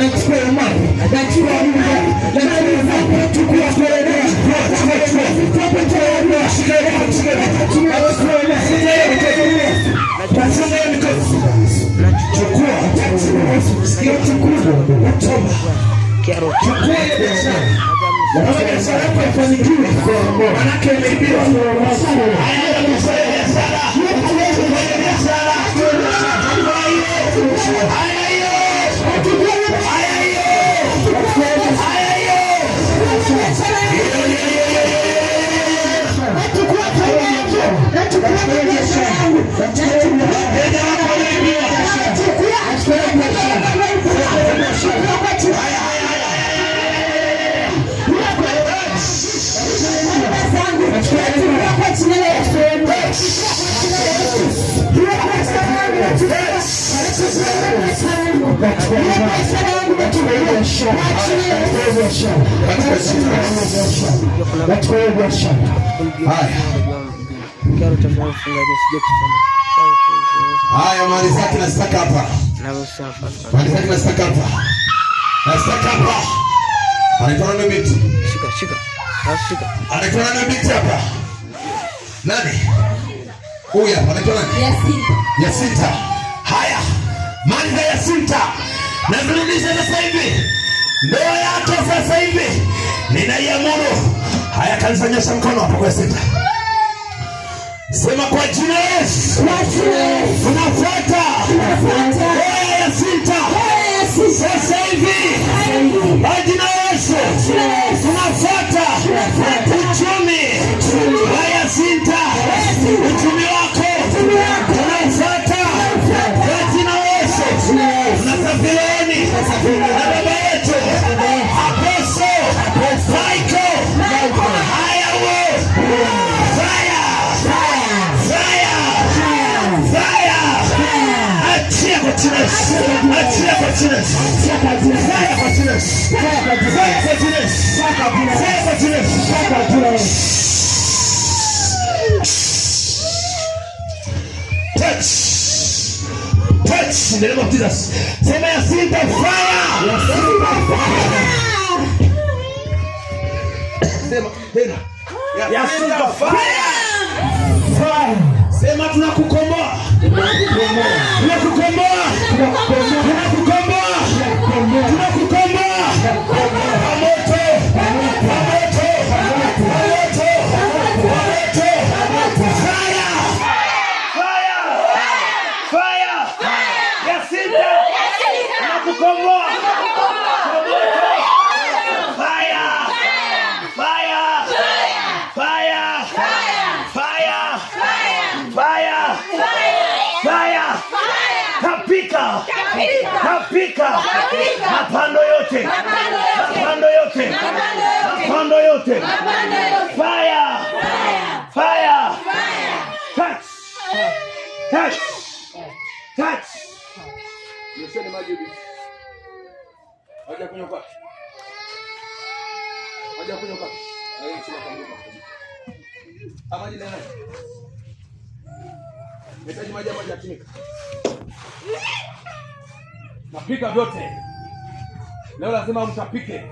nachukua amani, nachukua muda, nachukua mambo, chukua kuelewa, chukua chukua, chukua kuelewa, shikilia, shikilia, chukua kuelewa, shikilia, tazama mikono, chukua, sikio chukua, toba, chukua ile biashara Naona biashara yako ifanikiwe, manake imeibiwa. Ayaga biashara biashara, ayaga biashara, ayaga That's Haya, mali zake nasitaka hapa, mali zake nasitaka hapa, nasitaka hapa. Anaitana na miti, shika shika, anaitana na miti hapa. Nani huyu hapa? Anaitana Yasinta. Haya, mali za Yasinta nazirudisha sasa hivi, ndoa yako sasa hivi ninaiamuru. Haya, kanisa, nyosha mkono hapo kwa Yasinta. Sema kwa jina Yesu. Unafuata. Haya ya sita. Sasa hivi. Kwa jina Yesu. Unafuata. In Sema tunakukomboa. Kapika, kapika mapando yote, mapando yote, mapando yote, fire, fire, touch, touch, touch. Napika vyote. Leo lazima mtapike.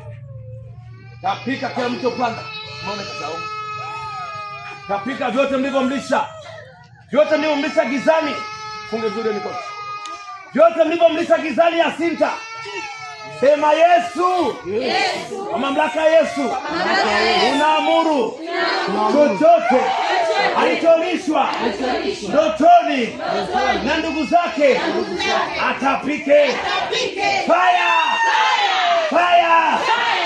Tapika kila mchopanda. Umeona kitabu. Tapika vyote mlivyomlisha. Vyote mlivyomlisha gizani. Funge vizuri mikono. Vyote mlivyomlisha gizani ya Sinta. Sema Yesu, Yesu. Kwa mamlaka ya Yesu unaamuru chochote alitolishwa ndotoni na ndugu zake atapike. Fire! Fire! Fire!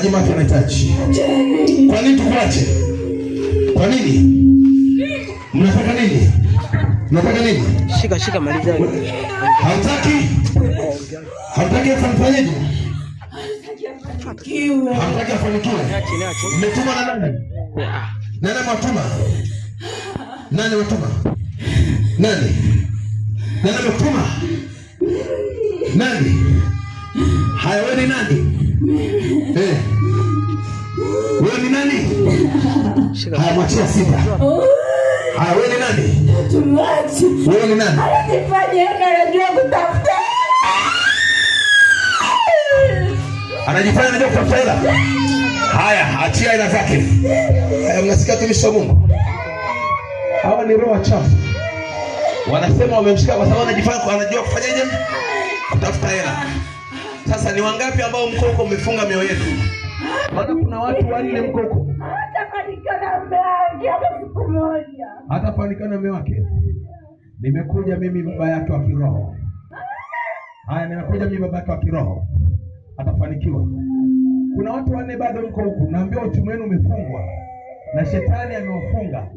maji mapya nahitaji. Kwa nini tukuache? Kwa nini? Mnataka nini? Mnataka nini? Shika shika, maliza. Hamtaki? Hamtaki afanyeje? Hamtaki afanikiwe. Mmetuma na nani? Nani mwatuma? Nani mwatuma? Nani? Nani mwatuma? Nani? Hayo ni nani? Eh. Wewe ni nani? Haya, mwachia Simba. Haya, wewe ni nani? Tuache. Wewe ni nani? Anajifanya anajua kutafuta. Anajifanya anajua kutafuta hela. Haya, achia hela zake. Haya, mnasikia tumishi wa Mungu? Hawa ni roho chafu. Wanasema wamemshika kwa sababu anajifanya anajua kufanyaje? Kutafuta hela. Sasa ni wangapi ambao mkoko umefunga mioyo yetu? Bado kuna watu wanne mkoko hatafanikiwa na mume wake. Nimekuja mimi baba yake wa kiroho. Haya, nimekuja mimi baba yake wa kiroho, atafanikiwa. Kuna watu wanne bado mko huku, naambia uchumi wenu umefungwa na shetani amewafunga,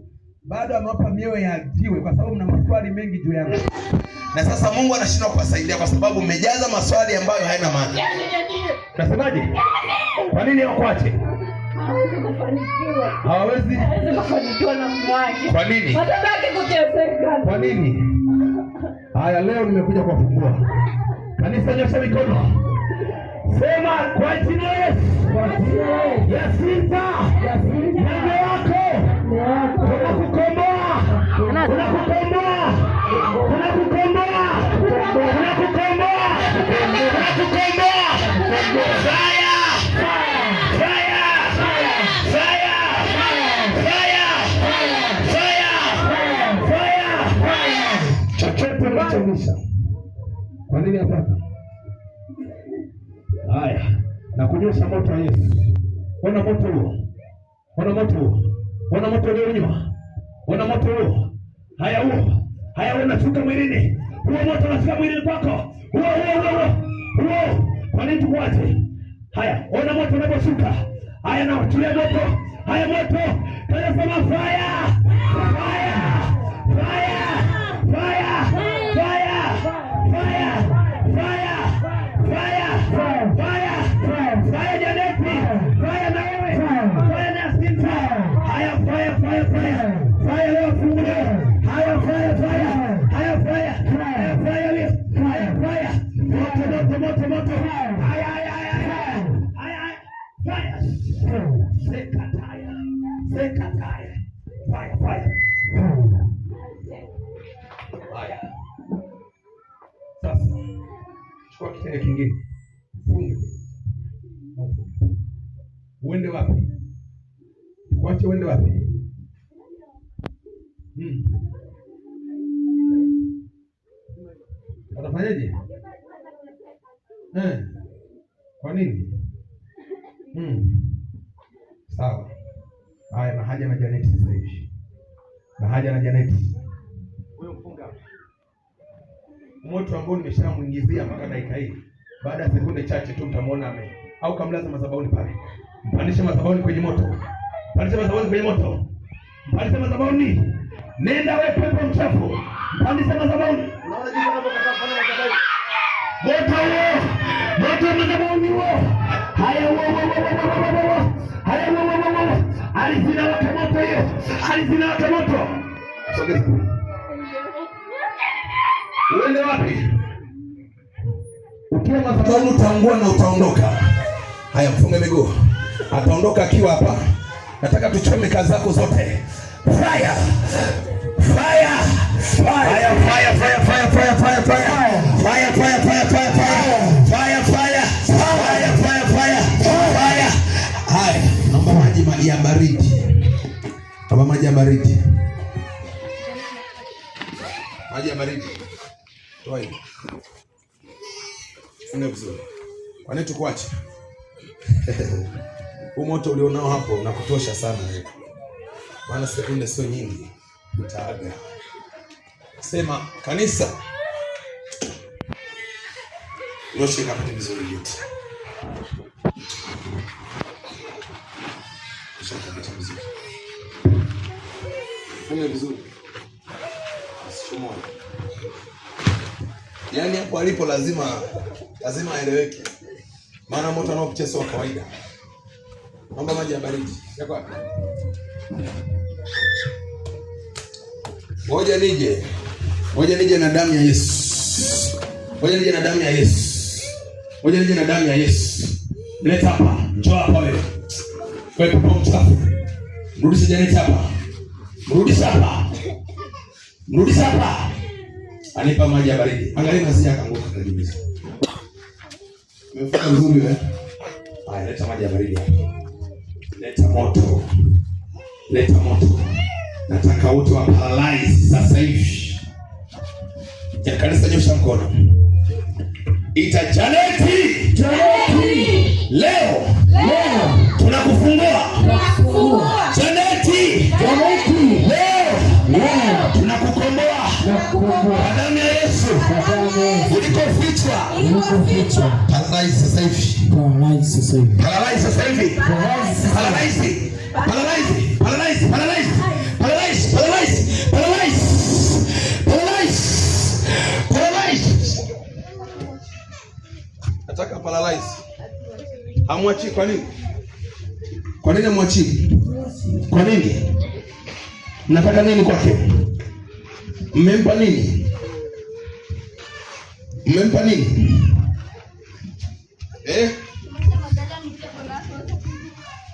bado amewapa mioyo ya jiwe, kwa sababu mna maswali mengi juu yangu na sasa Mungu anashindwa kuwasaidia kwa sababu umejaza maswali ambayo hayana maana. Unasemaje? Kwa nini wakuache? Hawawezi kufanikiwa na Kwa nini? Kwa nini? Haya, leo nimekuja kuwafungua. Kanisa, nyosha mikono. Sema kwa jina la Yesu. Kwa jina la Yesu. wako. Tunakukomboa. Tunakukomboa. chochote unachonisha kwa nini hapana? Haya, nakunywesha moto wa Yesu. Ona moto huo, ona moto huo, ona moto ulionywa, ona moto huo. Haya, huo haya, unashuka mwilini huo moto, unashuka mwilini kwako huo huo huo huo kwa nini Haya, ona moto unaposhuka. Haya, na tulia moto. Haya moto. Tayari fire. sekataya sasa chukua kingine uende wapi kuache uende wapi hmm. watafanyaje eh. kwa nini hmm. Sawa. Haya, na haja na Janeti sasa hivi. na haja na Janeti. Huyo mfunga. Moto ambao nimeshamuingizia mpaka dakika hii. Baada ya sekunde chache tu mtamwona ame. Au kamlaza madhabahuni pale. Mpandishe madhabahuni kwenye moto. Mpandishe madhabahuni kwenye moto. Mpandishe madhabahuni. Nenda wewe pepo mchafu. Mpandishe madhabahuni. Unaona jinsi anavyokataa kufanya madhabahuni. Moto huo. Moto madhabahuni huo. Haya huo huo huo. alizina moto. uende wapi? Ukiwa madhabahuni utaungua na utaondoka. Haya, mfunge miguu, ataondoka akiwa hapa. Nataka tuchome kazi zako zote. Fire, fire, fire, fire, fire, fire, fire, fire, fire. baridi, maji ya baridi. Toa hiyo, funga vizuri. Kwa nini tukuache? Huu moto ulionao hapo unakutosha sana wewe, maana sekunde sio nyingi, utaaga. Sema kanisa loshika pate vizuri yote loshika pate vizuri Tume vizuri, asichomoe. Yaani hapo alipo lazima lazima aeleweke, maana moto anaopitia sio kawaida. Naomba maji ya baridi yako wapi? Ngoja nije, ngoja nije na damu ya Yesu, ngoja nije na damu ya Yesu, ngoja nije na damu ya Yesu. Leta hapa, njoo hapa wewe, kwa wewe mtakatifu mrudishe Janeti hapa Mrudisha hapa. Mrudisha hapa. Anipa maji ya baridi. Angalia kasi akaanguka kajibiza. Umefanya vizuri wewe. Haya, leta maji ya baridi hapa. Leta moto. Leta moto. Nataka wote wa paralyze sasa hivi. Ya kanisa nyosha mkono. Ita Janeti. Janeti. Leo. Leo. Tunakufungua. Tunakufungua. Paralyze Paralyze Paralyze Paralyze. Paralyze. Paralyze. Nataka paralyze. Hamwachi kwa nini? Kwa nini hamwachi? Kwa nini? nini kwake? Mmempa nini? Mmempa nini? mesha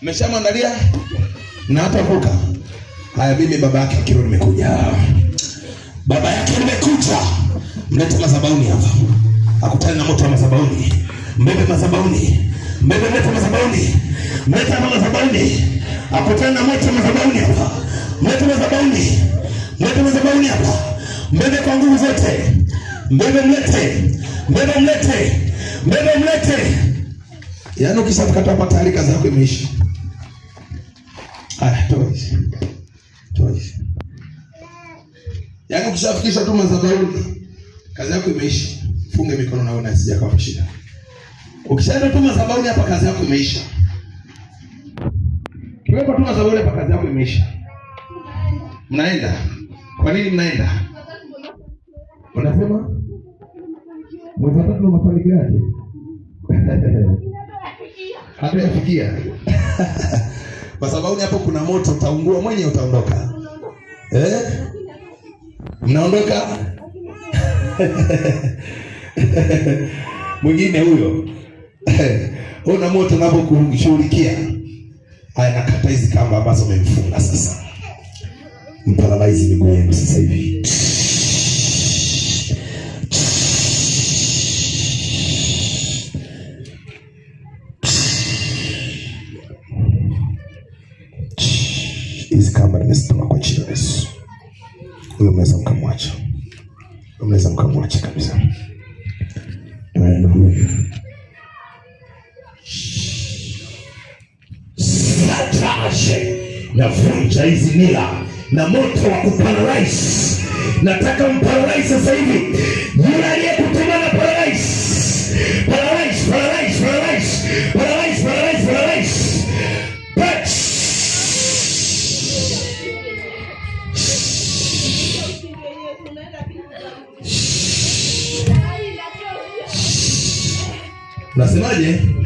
Mmeshamwandalia na hatavuka. Haya, mimi baba yake kiro nimekuja. Baba yake nimekuja. Mlete mazabauni hapa. Akutane na moto wa mazabauni. Mbebe mazabauni. Mbebe mlete mazabauni. Mlete hapa mazabauni. Akutane na moto wa mazabauni hapa. Mlete mazabauni. Mlete mazabauni hapa. Mbebe kwa nguvu zote. Mbebe mlete. Mbebe mlete mbele mlete. Yaani ukishafika hapa tayari zako imeisha. Ah, toys. Toys. Yaani ukishafikisha tu madhabahuni kazi yako imeisha. Funge mikono na uone asija kwa shida. Ukishaenda tu madhabahuni hapa kazi yako imeisha. Kiwepo tu madhabahuni hapa kazi yako imeisha. Mnaenda. Kwa nini mnaenda? Unasema mwezi tatu na mafanikio yake hatuyafikia kwa sababu hapo kuna moto, utaungua mwenye, utaondoka eh? Mnaondoka mwingine huyo una moto unapokushughulikia nakata hizi kamba ambazo umemfunga sasa, mparalaizi miguu yenu sasa hivi huyo mnaweza mkamwacha, mnaweza mkamwacha kabisa. Satrashe na vunja hizi mila na moto wa kuparalyze. Nataka mparalyze sasa hivi yule aliyekutuma na paralyze Unasemaje?